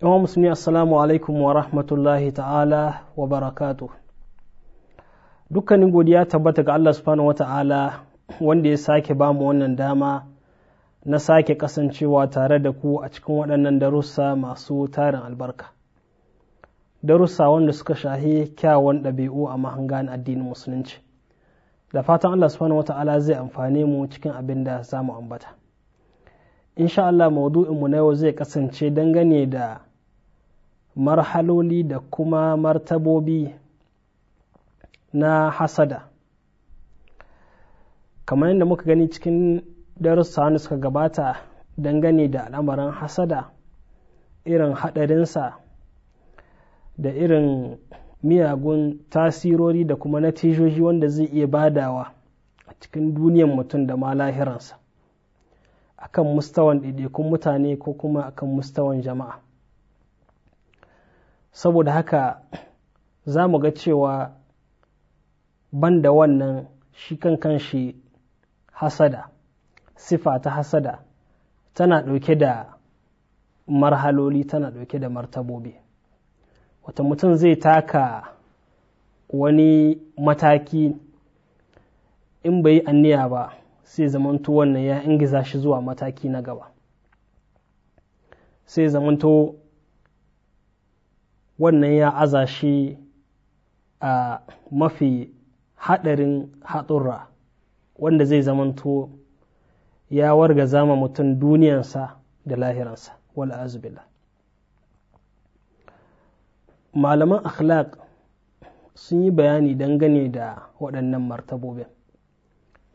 Yawan musulmi assalamu alaikum wa rahmatullahi ta'ala wa barakatu dukkanin godiya tabbata ga Allah subhanahu wa ta'ala wanda ya sake ba mu wannan dama na sake kasancewa tare da ku a cikin waɗannan darussa masu tarin albarka darussa wanda suka shahi kyawun ɗabi'u a mahangan addinin musulunci da fatan Allah subhanahu wa ta'ala zai amfane mu cikin abin da za mu ambata insha Allah mu na yau zai kasance dangane da marhaloli da kuma martabobi na hasada kamar yadda muka gani cikin darussa wanda suka gabata dangane da al'amarin hasada irin haɗarinsa da irin miyagun tasirori da kuma natijoji wanda zai iya badawa a cikin duniyan mutum da ma lahiransa akan mustawan ɗaiɗaikun mutane ko kuma akan mustawan jama'a saboda haka za mu ga cewa ban da wannan shi kan kanshi hasada sifa ta hasada tana ɗauke da marhaloli tana ɗauke da martabobi wata mutum zai taka wani mataki in bai yi anniya ba sai zamanto wannan ya ingiza shi zuwa mataki na gaba sai zamanto wannan ya aza shi a mafi haɗarin haɗurra wanda zai zamanto ya warga zama mutum duniyansa da lahiransa wala azubila malaman akhlaq sun yi bayani dangane da waɗannan martabobin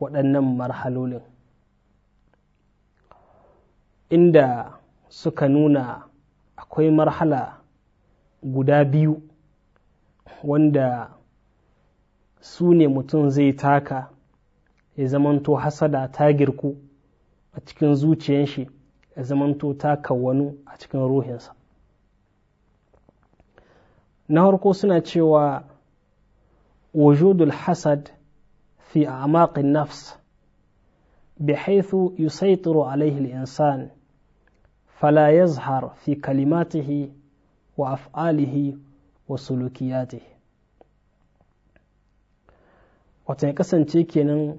waɗannan marhalolin inda suka nuna akwai marhala guda biyu wanda su ne mutum zai taka ya zamanto hasada ta girku a cikin zuciyanshi, ya zamanto ta kawwanu a cikin ruhinsa na harko suna cewa wujudul hasad fi amaƙin nafs بحيث يسيطر عليه الإنسان فلا يظهر fi كلماته wa af'alihi wa sulukiyati wata ya kasance kenan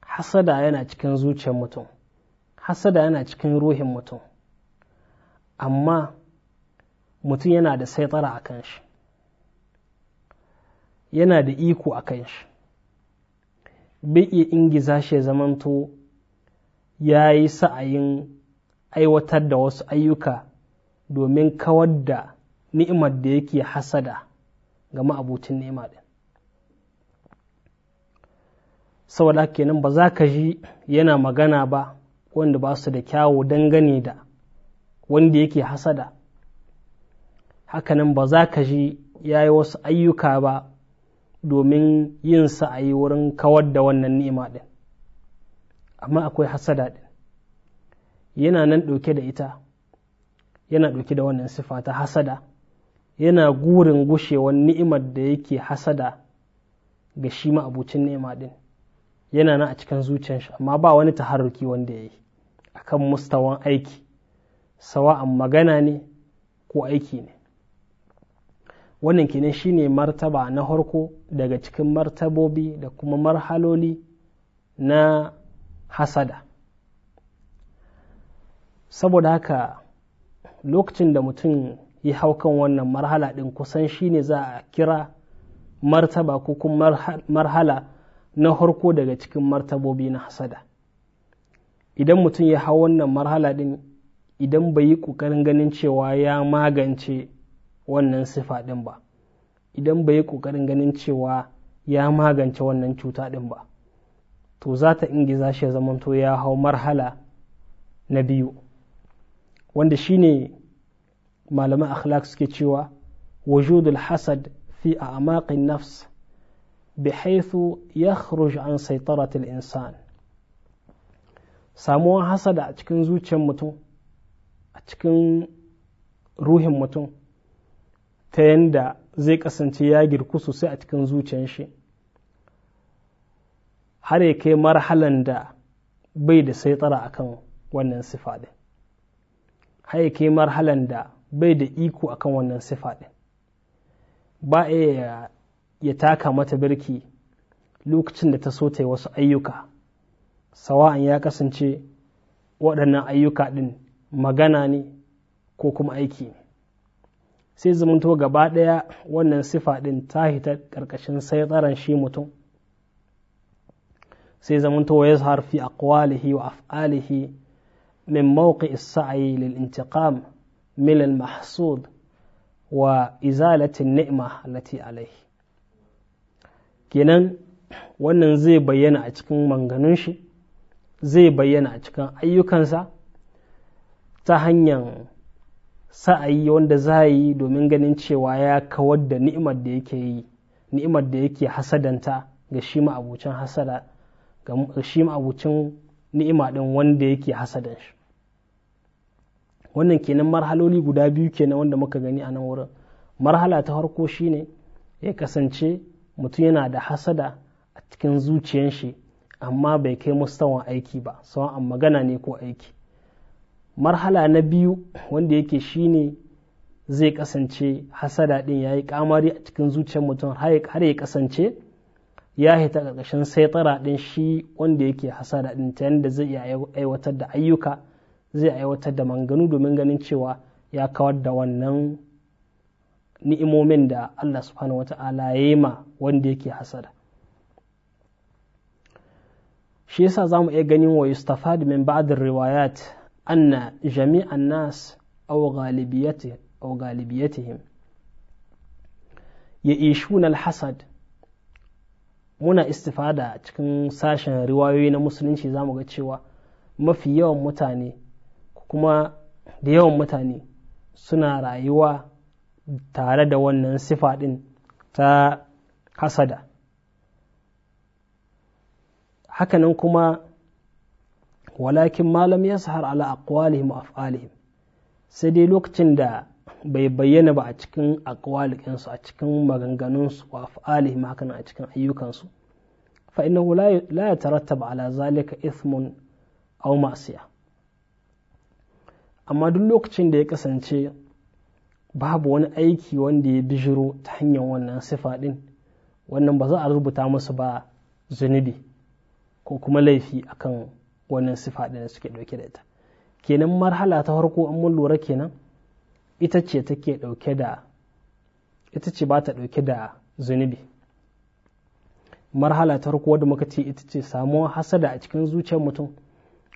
hasada yana cikin zuciyar mutum hasada yana cikin ruhin mutum amma mutum yana da saitara a kan shi yana da iko a kan shi bai iya ingiza shi zamanto ya yi sa'ayin aiwatar da wasu ayyuka domin kawar da ni'imar da yake hasada ga ma'abucin nema ɗin saboda kenan ba za ka ji yana magana ba wanda ba su da kyawu dangane da wanda yake hasada hakanan ba za ka ji ya yi wasu ayyuka ba domin yin yi wurin kawar da wannan ni'ima ɗin amma akwai hasada ɗin yana nan ɗauke da ita yana ɗauke da wannan sifa ta hasada yana gurin gushewar ni'imar da yake hasada ga shi ma ma'abucin ni'ima ɗin yana na a cikin zuciyar shi amma ba wani taharruki wanda ya yi akan mustawan aiki sawa'an magana ne ko aiki ne wannan kenan shine martaba na harko daga cikin martabobi da kuma marhaloli na hasada saboda haka lokacin da mutum ya hau kan wannan marhala ɗin kusan shi ne za a kira martaba ko kuma marhala na harko daga cikin martabobi na hasada idan mutum ya hau wannan marhala ɗin idan bai yi ƙoƙarin ganin cewa ya magance wannan sifa ɗin ba idan bai yi ƙoƙarin ganin cewa ya magance wannan cuta ɗin ba to za ta ingiza shi ya zamanto ya hau marhala na biyu wanda shine malaman akhlaq suke cewa wujudul hasad fi amaƙin nafs بحيث يخرج an سيطرة insan samuwan hasada a cikin zuciyar mutum a cikin ruhin mutum ta yadda zai kasance ya girku sosai a cikin zuciyar shi har ya kai marhalan da bai da saitara akan wannan sifa har kai marhalan da bai da iko akan wannan sifa ɗin ba iya ya taka mata birki lokacin da ta so ta yi wasu ayyuka sawa'an ya kasance waɗannan ayyuka ɗin magana ne ko kuma aiki ne sai zumunto gaba ɗaya wannan sifa ɗin ta hita ƙarƙashin sai tsaron shi mutum sai zamanto wa yazhar a aqwalihi wa af'alihi من موقع السعي للانتقام من wa izalatin ni'ma lati عليه kenan wannan zai bayyana a cikin manganun shi zai bayyana a cikin ayyukansa ta hanyar sa'ayi wanda za yi domin ganin cewa ya kawar da ni'imar da yake yi ni'imar da yake hasadanta ga shi ma'abucin hasada ga shi ma'abucin ni'ima ɗin wanda yake hasadan shi wannan kenan marhaloli guda biyu kenan wanda muka gani a nan wurin marhala ta farko shine ya kasance mutum yana da hasada a cikin zuciyan shi amma bai kai mustawan aiki ba an magana ne ko aiki marhala na biyu wanda yake shine zai kasance hasada din ya yi kamari a cikin zuciyar mutum har ya kasance ya hita ƙarƙashin saitara din shi wanda yake hasada din ta yadda zai iya aiwatar da ayyuka zai aiwatar da manganu domin ganin cewa ya kawar da wannan ni'imomin da Allah subhanahu wa ta'ala ya yi ma wanda yake hasada shi yasa za mu iya ganin wa yustafad min ba'd riwayat anna jami'an nas aw ghalibiyati aw ghalibiyatihim ishuna al-hasad muna istifada cikin sashen riwayoyi na musulunci za mu ga cewa mafi yawan mutane kuma da yawan mutane suna rayuwa tare da wannan sifa ɗin ta hasada hakanan kuma walakin malam ya sahar ala aqwalihim af'alihim sai dai lokacin da bai bayyana ba a cikin aqwalikinsu a cikin maganganunsu wa af'alihim hakanan a cikin ayyukansu fa innahu la yatarattaba ala zalika ithmun aw ma'siyah amma duk lokacin da ya kasance babu wani aiki wanda ya bijiro ta hanyar wannan sifa ɗin wannan ba za a rubuta musu ba zunubi ko kuma laifi akan wannan sifa ɗin da suke ɗauke da ita kenan marhala ta farko an mun lura kenan ita ce take ɗauke da ita ce ba ta ɗauke da zunubi marhala ta farko wadda muka ce ita ce samuwar hasada a cikin zuciyar mutum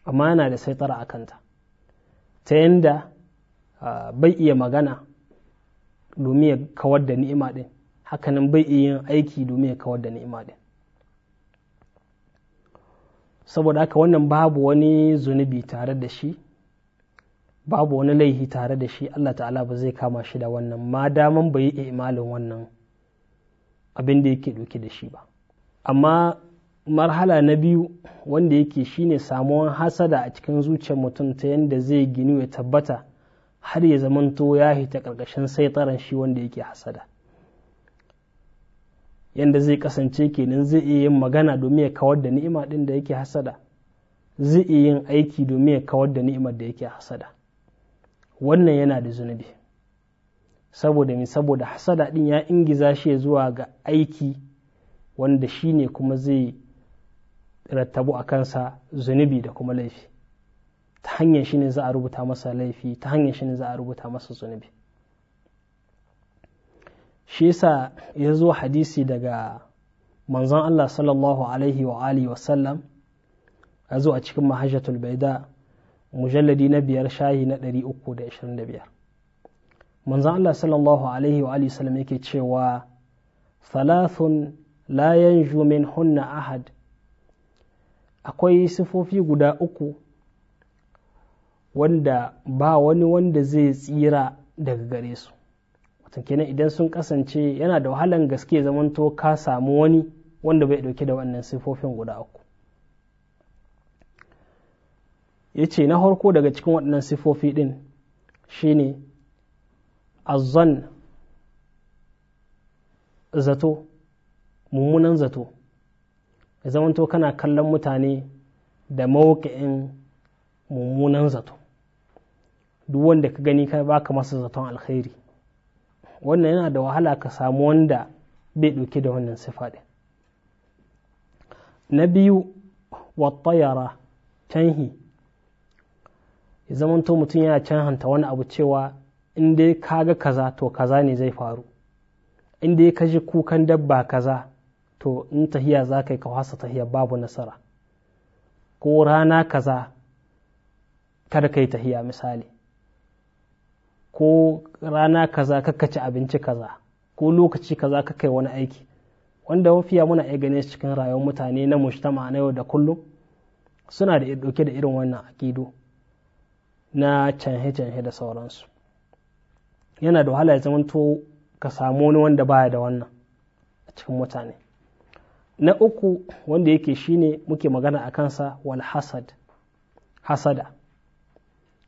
amma yana da saitara a kanta ta yanda bai iya magana domin ya kawar da ni'ima ɗin hakanan bai iya yin aiki domin ya kawar da ni'ima ɗin saboda haka wannan babu wani zunubi tare da shi babu wani laihi tare da shi Allah ta'ala ba zai kama shi da wannan ma daman bai yi imalin wannan abin da yake ɗauke da shi ba amma marhala na biyu wanda yake shine samuwan hasada a cikin zuciyar mutum ta yadda zai ginu ya tabbata har ya zamanto ya hita ƙarƙashin tsaron shi wanda yake hasada yadda zai kasance kenan zai iya yin magana domin ya kawar da ni'ima ɗin da yake hasada zai iya yin aiki domin ya kawar da ni'imar da yake hasada wannan yana da zunubi saboda mi saboda hasada ɗin ya ingiza shi zuwa ga aiki wanda shine kuma zai rattabu a kansa zunubi da kuma laifi ta hanyar shi ne za a rubuta masa laifi ta hanyar shi ne za a rubuta masa zunubi shi yasa ya zo hadisi daga manzon Allah sallallahu alaihi wa alihi wa sallam ya zo a cikin mahajjatul baida mujalladi na biyar shahi na 325 manzon Allah sallallahu alaihi wa alihi wa sallam yake cewa thalathun la yanju min hunna ahad akwai sifofi guda uku wanda ba wani wanda zai tsira daga gare su watan kenan idan sun kasance yana da wahalan gaske zamanto ka samu wani wanda bai dauke da wannan sifofin guda uku ya ce na harko daga cikin waɗannan sifofi ɗin shine azan zato mummunan zato ya zamanto kana kallon mutane da mawuƙin mummunan zato duk wanda ka gani ka baka masa zaton alkhairi wannan yana da wahala ka samu wanda bai ɗauke da wannan sifa ɗin na biyu watayara canhi ya zamanto mutum yana canhanta wani abu cewa in dai kaga kaza to kaza ne zai faru in dai ka ji kukan dabba kaza to in tahiya za ka yi ka wasa tahiya babu nasara ko rana kaza kada ka yi tahiya misali ko rana kaza kaka ci abinci kaza ko lokaci kaza kakai yi wani aiki wanda mafiya muna iya gane cikin rayuwar mutane na mujtama na yau da kullum suna da ɗauke da irin wannan akidu na canhe-canhe da sauransu yana da wahala ya zamanto ka samu wani wanda baya da wannan a cikin mutane na uku wanda yake shine muke magana a kansa wal hasad hasada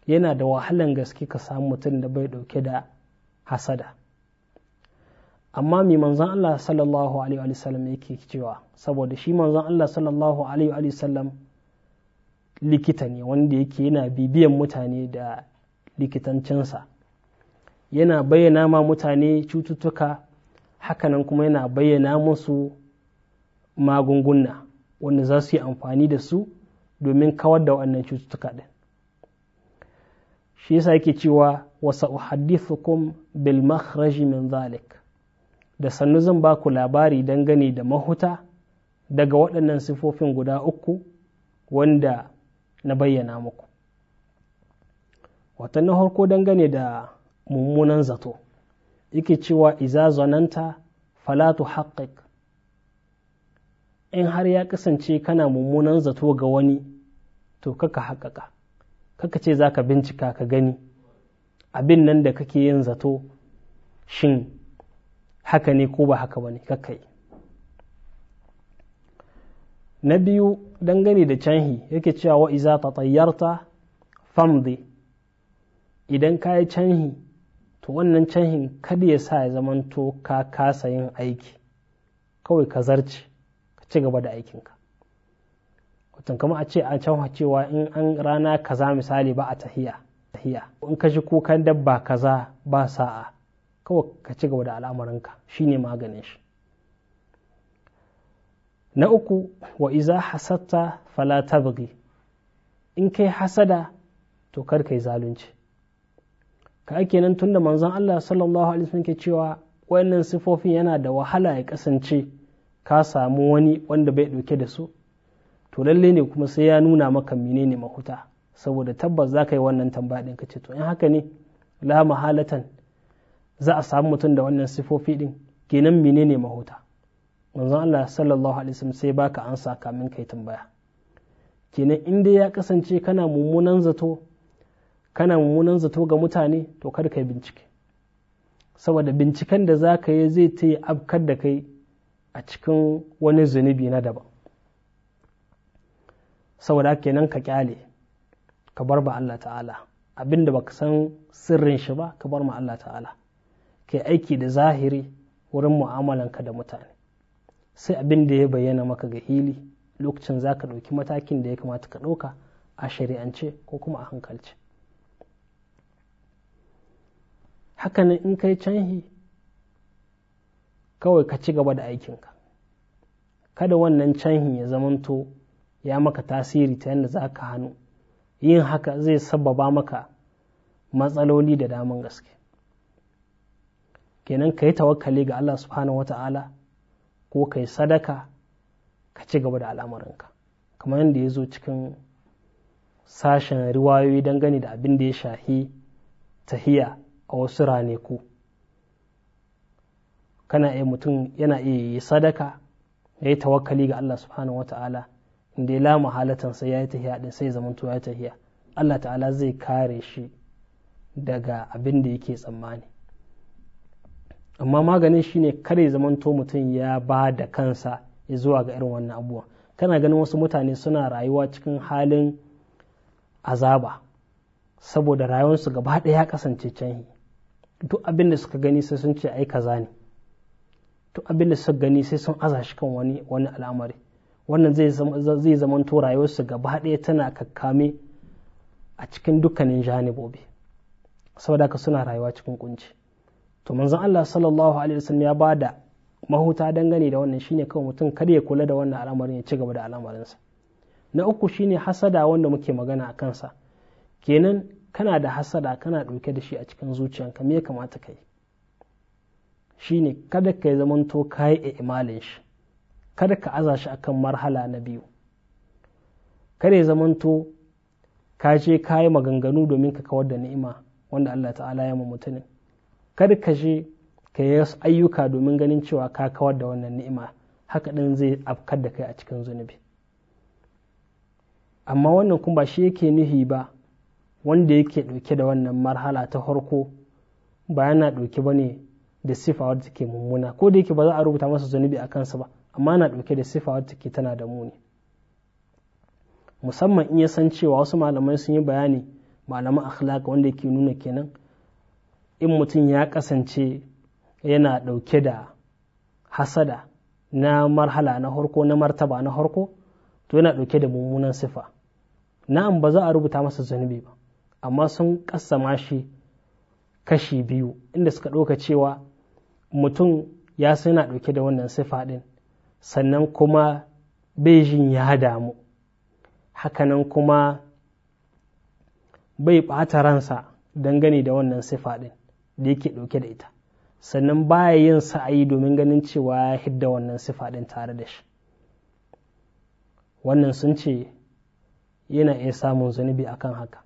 yana da wahalan gaske ka samu mutum da bai dauke da hasada amma mai manzan Allah sallallahu alaihi wa sallam yake cewa saboda shi manzan Allah sallallahu alaihi wa sallam likita ne wanda yake yana bibiyan mutane da likitancinsa yana bayyana ma mutane cututtuka hakanan kuma yana bayyana musu magunguna wanda za su yi amfani da su domin kawar da wannan cututtuka ɗin shi yasa yake cewa wasa uhaddithukum bil makhraji min zalik da sannu zan ba ku labari dangane da mahuta daga waɗannan sifofin guda uku wanda na bayyana muku wata na harko dangane da mummunan zato yake cewa iza zonanta falatu haƙƙiƙ in har ya kasance kana mummunan zato ga wani to kaka haƙaƙa kaka ce za ka bincika ka gani abin nan da kake yin zato shin haka ne ko ba haka ba ne kaka yi na biyu dangane da canhi yake cewa wa iza ta tayyarta famdi idan ka yi canhi to wannan canhin kada ya sa ya zamanto ka kasa yin aiki kawai ka zarce ci gaba da aikinka watan kama a ce a can cewa in an rana kaza misali ba a tahiya tahiya in ka ji kukan dabba kaza ba sa'a kawai ka ci gaba da ka shine maganin shi na uku wa iza hasatta fala tabghi in kai hasada to kar kai zalunci ka ake nan tunda manzon Allah sallallahu alaihi wasallam ke cewa wayannan sifofin yana da wahala ya kasance ka samu wani wanda bai ɗauke da su to lalle ne kuma sai ya nuna maka menene mahuta saboda tabbas za ka yi wannan tamba ɗin ka ce to in haka ne la mahalatan za a samu mutum da wannan sifofi ɗin kenan menene mahuta manzon Allah sallallahu alaihi wasallam sai baka ansa kamin kai tambaya kenan in dai ya kasance kana mummunan zato kana mummunan zato ga mutane to kar kai bincike saboda binciken da za ka yi zai ta yi abkar da kai a cikin wani zunubi na daban saboda kenan ka kyale ka bar ba Allah ta'ala abinda baka san sirrin shi ba ka bar ma Allah ta'ala kai aiki da zahiri wurin mu'amalanka da mutane sai abin da ya bayyana maka ga hili lokacin za ka ɗauki matakin da ya kamata ka ɗauka a shari'ance ko kuma a hankalci hakanan in kai canhi kawai ka ci gaba da aikinka kada wannan canhin ya zamanto ya maka tasiri ta yadda za ka hannu yin haka zai sababa maka matsaloli da daman gaske kenan ka yi tawakkali ga Allah subhanahu wata'ala ko ka yi sadaka ka ci gaba da al'amuranka kamar yadda ya zo cikin sashen riwayoyi dangane da abin da ya shahi tahiya a wasu raneku. kana iya mutum yana iya yi sadaka ya yi tawakkali ga Allah subhanahu wata'ala inda ya lama halatan sai ya yi tahiya din sai zaman ya tahiya Allah ta'ala zai kare shi daga abin da yake tsammani amma maganin shi shine kare zamanto mutum ya ba da kansa ya zuwa ga irin wannan abubuwa kana ganin wasu mutane suna rayuwa cikin halin azaba saboda rayuwarsu gaba ɗaya ya kasance canhi duk abin da suka gani sai sun ce ai kaza ne to abin da suka gani sai sun aza shi kan wani wani al'amari wannan zai zai to rayuwarsu gaba ɗaya tana kakkame a cikin dukkanin janibobi saboda haka suna rayuwa cikin kunci to manzon Allah sallallahu alaihi wasallam ya bada mahuta dangane da wannan shine kawai mutum kada ya kula da wannan al'amarin ya ci gaba da al'amarinsa na uku shine hasada wanda muke magana a kansa kenan kana da hasada kana ɗauke da shi a cikin zuciyanka me ya kamata ka yi shine kada ka yi zamanto ka yi imalin shi kada ka aza shi akan marhala na biyu kada ya zamanto ka je ka yi maganganu domin ka kawar da ni'ima wanda Allah ta'ala ya mutumin kada ka je ka yi ayyuka domin ganin cewa ka kawar da wannan ni'ima haka ɗin zai afkar da kai a cikin zunubi amma wannan kuma ba shi yake nuhi ba wanda yake ɗauke da wannan marhala ta farko ba yana ɗauke ba ne da sifa wadda take mummuna ko da yake ba za a rubuta masa zunubi a kansa ba amma na ɗauke da sifa wadda take tana da muni musamman in ya san cewa wasu malamai sun yi bayani malaman akhlaq wanda yake nuna kenan in mutum ya kasance yana ɗauke da hasada na marhala na harko na martaba na harko to yana ɗauke da mummunan sifa na'am ba za a rubuta masa zunubi ba amma sun kassama shi kashi biyu inda suka ɗauka cewa mutum ya sai na ɗauke da wannan sifa ɗin sannan kuma bai jin ya damu hakanan kuma bai ɓata ransa dangane da wannan sifa ɗin da yake ɗauke da ita sannan baya yin sa'ayi domin ganin cewa ya hidda wannan sifa ɗin tare da shi wannan sun ce yana iya samun zunubi akan haka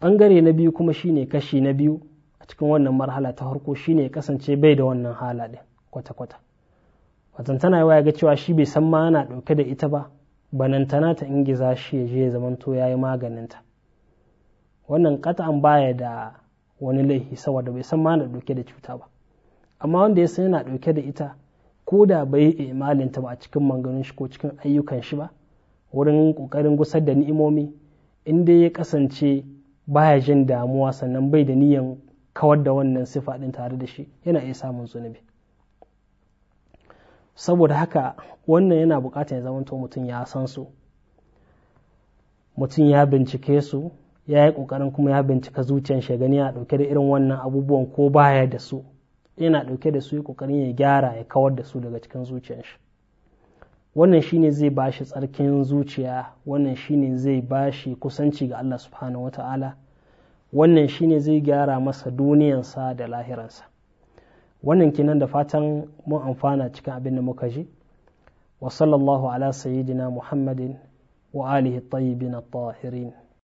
ɓangare na biyu kuma shine kashi na biyu cikin wannan marhala ta harko shine ya kasance bai da wannan hala din kwata-kwata watan tana yawa ga cewa shi bai san ma yana ɗauke da ita ba banantana ta ingiza shi ya je ya zamanto ya yi maganinta wannan kata'an baya da wani laifi saboda bai san ma yana dauke da cuta ba amma wanda ya san yana ɗauke da ita ko da bai yi imalinta ba a cikin manganun shi ko cikin ayyukan shi ba wurin ƙoƙarin gusar da ni'imomi in dai ya kasance baya jin damuwa sannan bai da niyan kawar da wannan sifa ɗin tare da shi yana iya samun zunubi saboda haka wannan yana buƙatar ya to mutum ya san su mutum ya bincike su ya yi ƙoƙarin kuma ya bincika zuciyar shi gani yana ɗauke da irin wannan abubuwan ko baya da su yana ɗauke da su ya ƙoƙarin ya gyara ya kawar da su daga cikin zuciyar shi wannan shine zai ba shi tsarkin zuciya wannan shine zai ba shi kusanci ga Allah subhanahu wata'ala wannan shine zai gyara masa duniyansa da lahiransa wannan kinan da fatan mun amfana cikin abin da muka ji wa sallallahu ala sayyidina muhammadin wa alihi tayyibin at